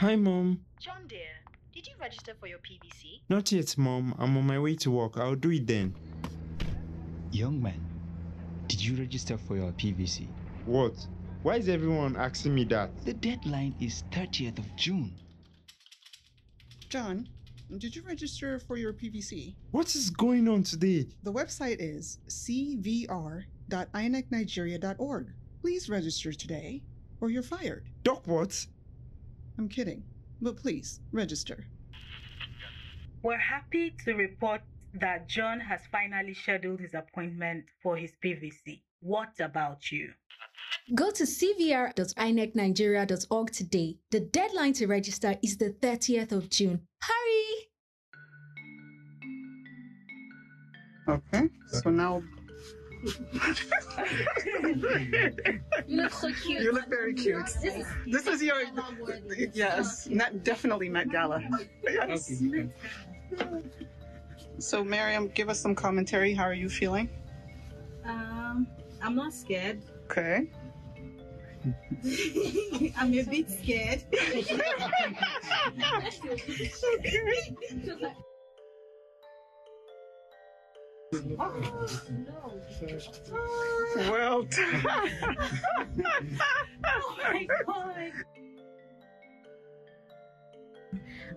Hi, Mom. John, dear, did you register for your PVC? Not yet, Mom. I'm on my way to work. I'll do it then. Young man, did you register for your PVC? What? Why is everyone asking me that? The deadline is 30th of June. John, did you register for your PVC? What is going on today? The website is cvr.inecnigeria.org. Please register today or you're fired. Doc, what? I'm kidding. But please, register. We're happy to report that John has finally scheduled his appointment for his PVC. What about you? Go to cvr.inecnigeria.org today. The deadline to register is the 30th of June. Hurry! Okay, so now you look so cute. You look very cute. This is, this is your yes, not definitely Met Gala. Yes. So, Miriam, give us some commentary. How are you feeling? Um, I'm not scared. Okay. I'm a bit scared. okay. Oh, well done. oh my God.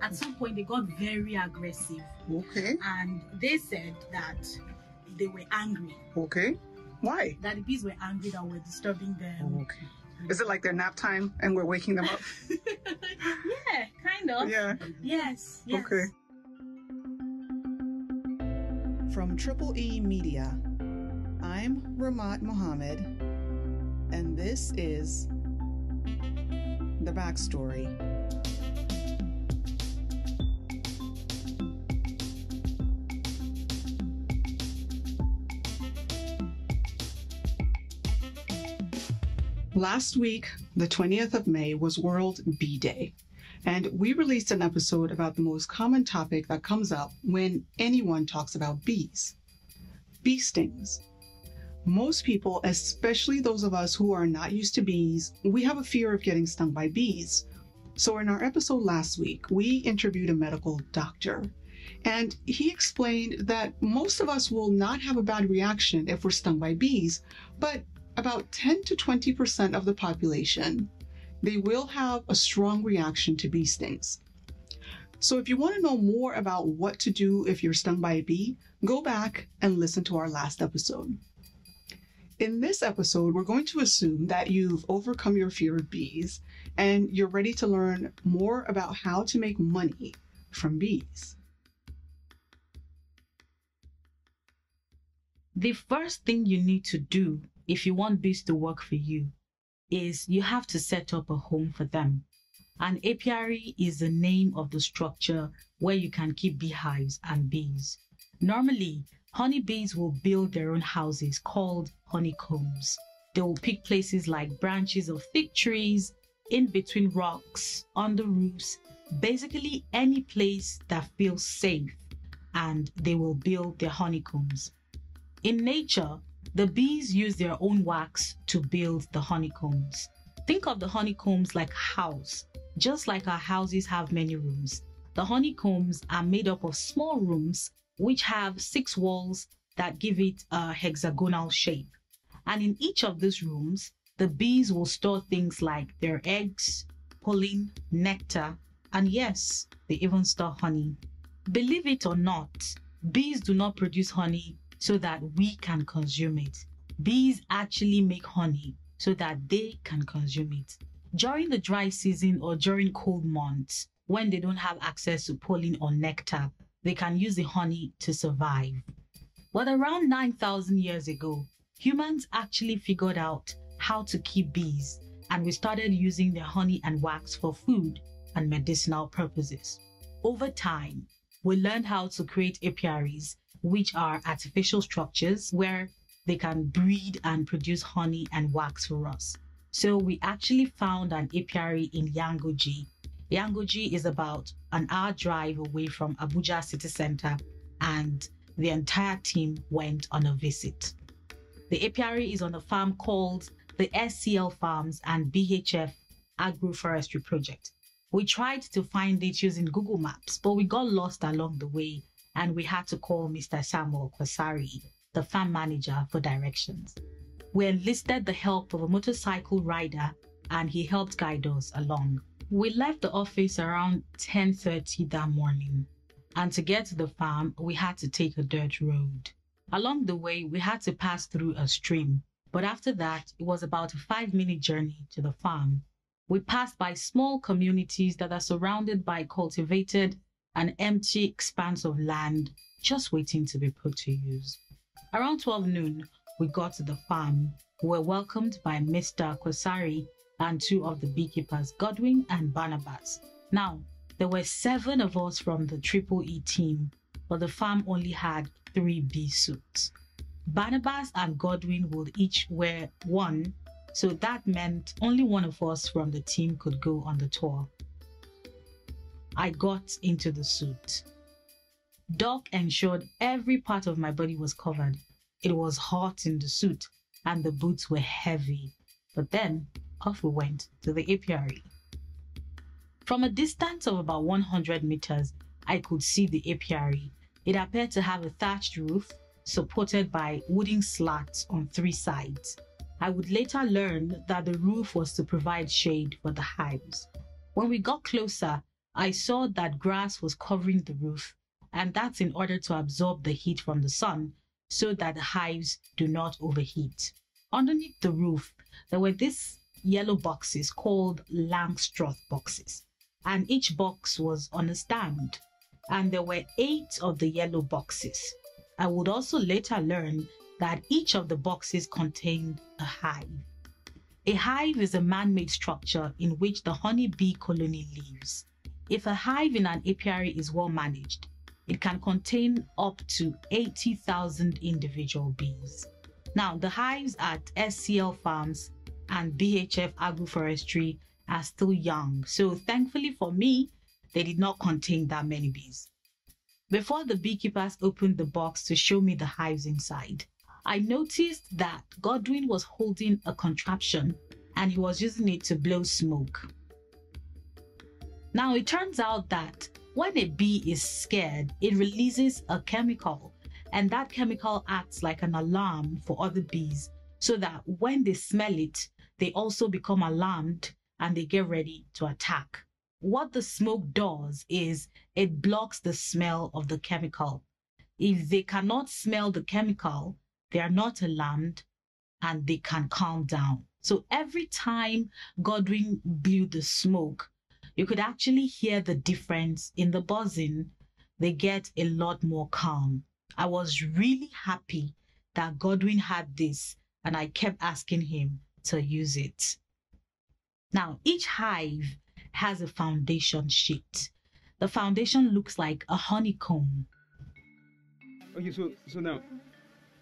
At some point, they got very aggressive. Okay. And they said that they were angry. Okay. Why? That the bees were angry that were disturbing them. Oh, okay. Is it like their nap time and we're waking them up? yeah, kind of. Yeah. Yes. yes. Okay. From Triple E Media, I'm Ramat Mohammed, and this is The Backstory. Last week, the 20th of May, was World Bee Day. And we released an episode about the most common topic that comes up when anyone talks about bees bee stings. Most people, especially those of us who are not used to bees, we have a fear of getting stung by bees. So, in our episode last week, we interviewed a medical doctor, and he explained that most of us will not have a bad reaction if we're stung by bees, but about 10 to 20% of the population they will have a strong reaction to bee stings. So if you want to know more about what to do if you're stung by a bee, go back and listen to our last episode. In this episode, we're going to assume that you've overcome your fear of bees and you're ready to learn more about how to make money from bees. The first thing you need to do if you want bees to work for you is you have to set up a home for them. An apiary is the name of the structure where you can keep beehives and bees. Normally, honeybees will build their own houses called honeycombs. They will pick places like branches of thick trees, in between rocks, on the roofs, basically any place that feels safe, and they will build their honeycombs. In nature, the bees use their own wax to build the honeycombs. Think of the honeycombs like house, just like our houses have many rooms. The honeycombs are made up of small rooms which have six walls that give it a hexagonal shape. And in each of these rooms, the bees will store things like their eggs, pollen, nectar, and yes, they even store honey. Believe it or not, bees do not produce honey so that we can consume it. Bees actually make honey so that they can consume it. During the dry season or during cold months, when they don't have access to pollen or nectar, they can use the honey to survive. But around 9,000 years ago, humans actually figured out how to keep bees and we started using their honey and wax for food and medicinal purposes. Over time, we learned how to create apiaries which are artificial structures where they can breed and produce honey and wax for us. So we actually found an apiary in Yangoji. Yangoji is about an hour drive away from Abuja city center and the entire team went on a visit. The apiary is on a farm called the SCL Farms and BHF Agroforestry Project. We tried to find it using Google Maps, but we got lost along the way and we had to call Mr. Samuel Kwasari, the farm manager, for directions. We enlisted the help of a motorcycle rider and he helped guide us along. We left the office around 10:30 that morning, and to get to the farm, we had to take a dirt road. Along the way, we had to pass through a stream, but after that, it was about a 5-minute journey to the farm. We passed by small communities that are surrounded by cultivated an empty expanse of land just waiting to be put to use. Around 12 noon, we got to the farm. We were welcomed by Mr. Kosari and two of the beekeepers, Godwin and Barnabas. Now, there were seven of us from the Triple E team, but the farm only had three bee suits. Barnabas and Godwin would each wear one, so that meant only one of us from the team could go on the tour. I got into the suit. Doc ensured every part of my body was covered. It was hot in the suit, and the boots were heavy. But then off we went to the apiary. From a distance of about 100 meters, I could see the apiary. It appeared to have a thatched roof supported by wooden slats on three sides. I would later learn that the roof was to provide shade for the hives. When we got closer, I saw that grass was covering the roof, and that's in order to absorb the heat from the sun so that the hives do not overheat. Underneath the roof, there were these yellow boxes called Langstroth boxes, and each box was on a stand, and there were eight of the yellow boxes. I would also later learn that each of the boxes contained a hive. A hive is a man made structure in which the honeybee colony lives. If a hive in an apiary is well managed, it can contain up to 80,000 individual bees. Now, the hives at SCL Farms and BHF Agroforestry are still young, so thankfully for me, they did not contain that many bees. Before the beekeepers opened the box to show me the hives inside, I noticed that Godwin was holding a contraption and he was using it to blow smoke. Now, it turns out that when a bee is scared, it releases a chemical, and that chemical acts like an alarm for other bees so that when they smell it, they also become alarmed and they get ready to attack. What the smoke does is it blocks the smell of the chemical. If they cannot smell the chemical, they are not alarmed and they can calm down. So every time Godwin blew the smoke, you could actually hear the difference in the buzzing. They get a lot more calm. I was really happy that Godwin had this and I kept asking him to use it. Now, each hive has a foundation sheet. The foundation looks like a honeycomb. Okay, so so now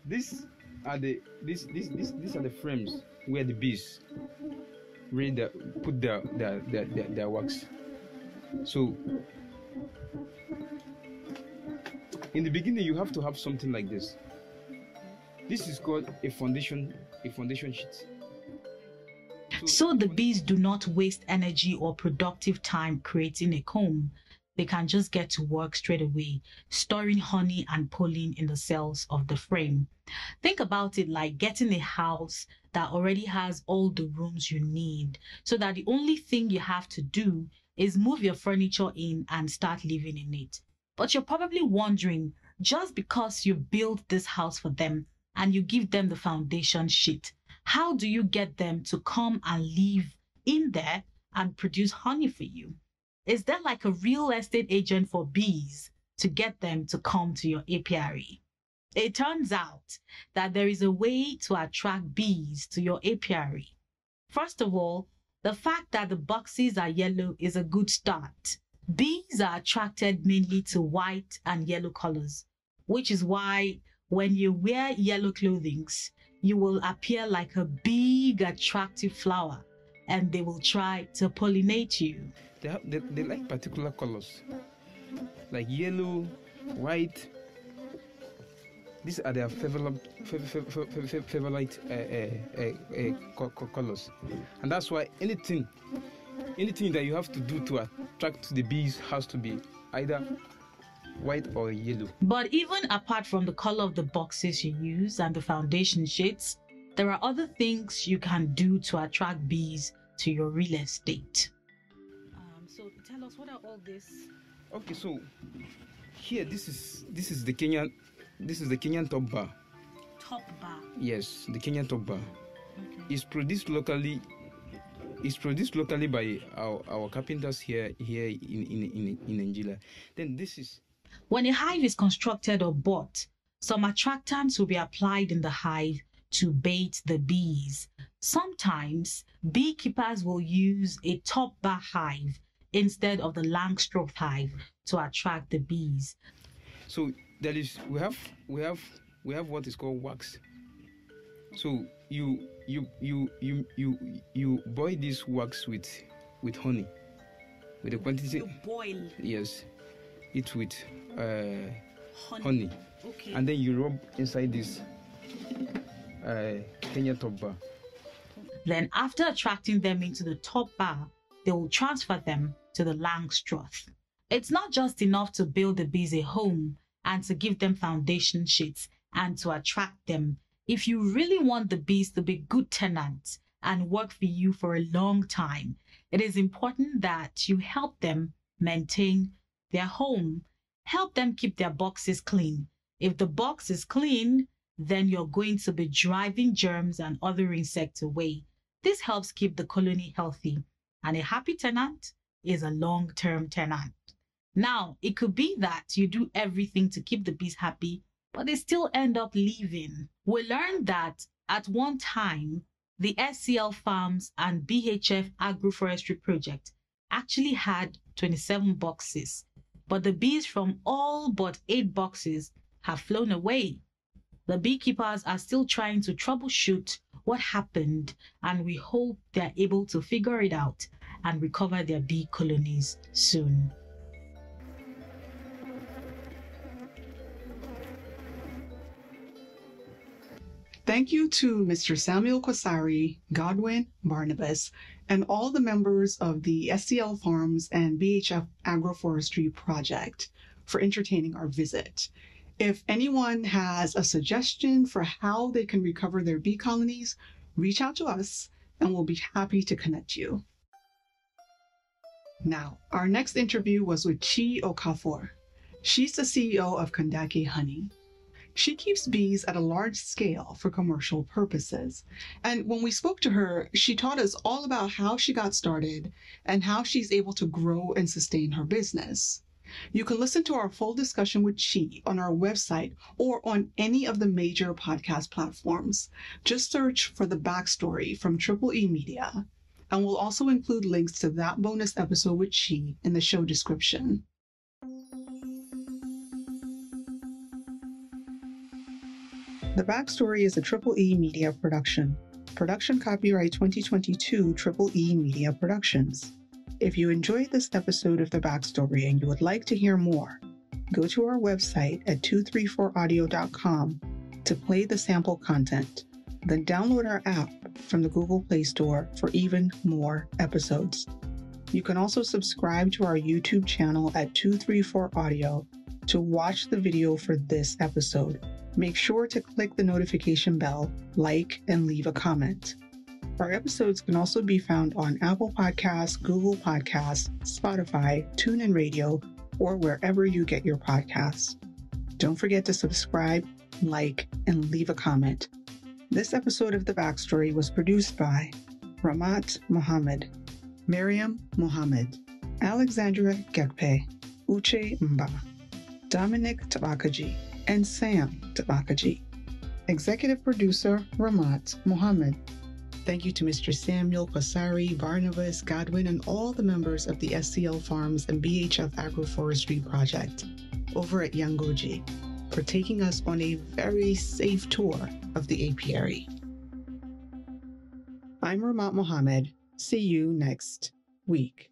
these are the these these these, these are the frames where the bees read the put their their, their, their, their works. So in the beginning you have to have something like this. This is called a foundation a foundation sheet. So, so the bees do not waste energy or productive time creating a comb, they can just get to work straight away, storing honey and pollen in the cells of the frame. Think about it like getting a house that already has all the rooms you need, so that the only thing you have to do is move your furniture in and start living in it. But you're probably wondering just because you build this house for them and you give them the foundation sheet, how do you get them to come and live in there and produce honey for you? Is there like a real estate agent for bees to get them to come to your apiary? It turns out that there is a way to attract bees to your apiary. First of all, the fact that the boxes are yellow is a good start. Bees are attracted mainly to white and yellow colors, which is why when you wear yellow clothing, you will appear like a big attractive flower and they will try to pollinate you. They, have, they, they like particular colors, like yellow, white. These are their favorite, favorite uh, uh, uh, uh colors, and that's why anything, anything that you have to do to attract the bees has to be either white or yellow. But even apart from the color of the boxes you use and the foundation shades, there are other things you can do to attract bees to your real estate. Um, so tell us what are all this. Okay, so here this is this is the Kenyan this is the Kenyan top bar. Top bar. Yes, the Kenyan top bar. Okay. It's produced locally it's produced locally by our, our carpenters here here in in in, in Angela. Then this is when a hive is constructed or bought, some attractants will be applied in the hive to bait the bees. Sometimes beekeepers will use a top bar hive instead of the Langstroth hive to attract the bees. So there is we have we have we have what is called wax. So you you you you you you boil this wax with with honey, with a quantity. You boil. Yes, it with uh, honey. honey. Okay. And then you rub inside this Kenya top bar. Then, after attracting them into the top bar, they will transfer them to the Langstroth. It's not just enough to build the bees a home and to give them foundation sheets and to attract them. If you really want the bees to be good tenants and work for you for a long time, it is important that you help them maintain their home, help them keep their boxes clean. If the box is clean, then you're going to be driving germs and other insects away. This helps keep the colony healthy, and a happy tenant is a long term tenant. Now, it could be that you do everything to keep the bees happy, but they still end up leaving. We learned that at one time, the SCL Farms and BHF Agroforestry Project actually had 27 boxes, but the bees from all but eight boxes have flown away the beekeepers are still trying to troubleshoot what happened, and we hope they're able to figure it out and recover their bee colonies soon. Thank you to Mr. Samuel Kwasari, Godwin, Barnabas, and all the members of the SCL Farms and BHF Agroforestry Project for entertaining our visit. If anyone has a suggestion for how they can recover their bee colonies, reach out to us and we'll be happy to connect you. Now, our next interview was with Chi Okafor. She's the CEO of Kondake Honey. She keeps bees at a large scale for commercial purposes. And when we spoke to her, she taught us all about how she got started and how she's able to grow and sustain her business. You can listen to our full discussion with Chi on our website or on any of the major podcast platforms. Just search for the backstory from Triple E Media, and we'll also include links to that bonus episode with Chi in the show description. The Backstory is a Triple E Media production. Production copyright 2022 Triple E Media Productions. If you enjoyed this episode of The Backstory and you would like to hear more, go to our website at 234audio.com to play the sample content. Then download our app from the Google Play Store for even more episodes. You can also subscribe to our YouTube channel at 234 Audio to watch the video for this episode. Make sure to click the notification bell, like, and leave a comment. Our episodes can also be found on Apple Podcasts, Google Podcasts, Spotify, TuneIn Radio, or wherever you get your podcasts. Don't forget to subscribe, like, and leave a comment. This episode of The Backstory was produced by Ramat Mohammed, Miriam Mohammed, Alexandra Gekpe, Uche Mba, Dominic Tabakaji, and Sam Tabakaji. Executive producer Ramat Mohammed. Thank you to Mr. Samuel, Pasari, Barnabas, Godwin, and all the members of the SCL Farms and BHF Agroforestry Project over at Yangoji for taking us on a very safe tour of the apiary. I'm Ramat Mohammed. See you next week.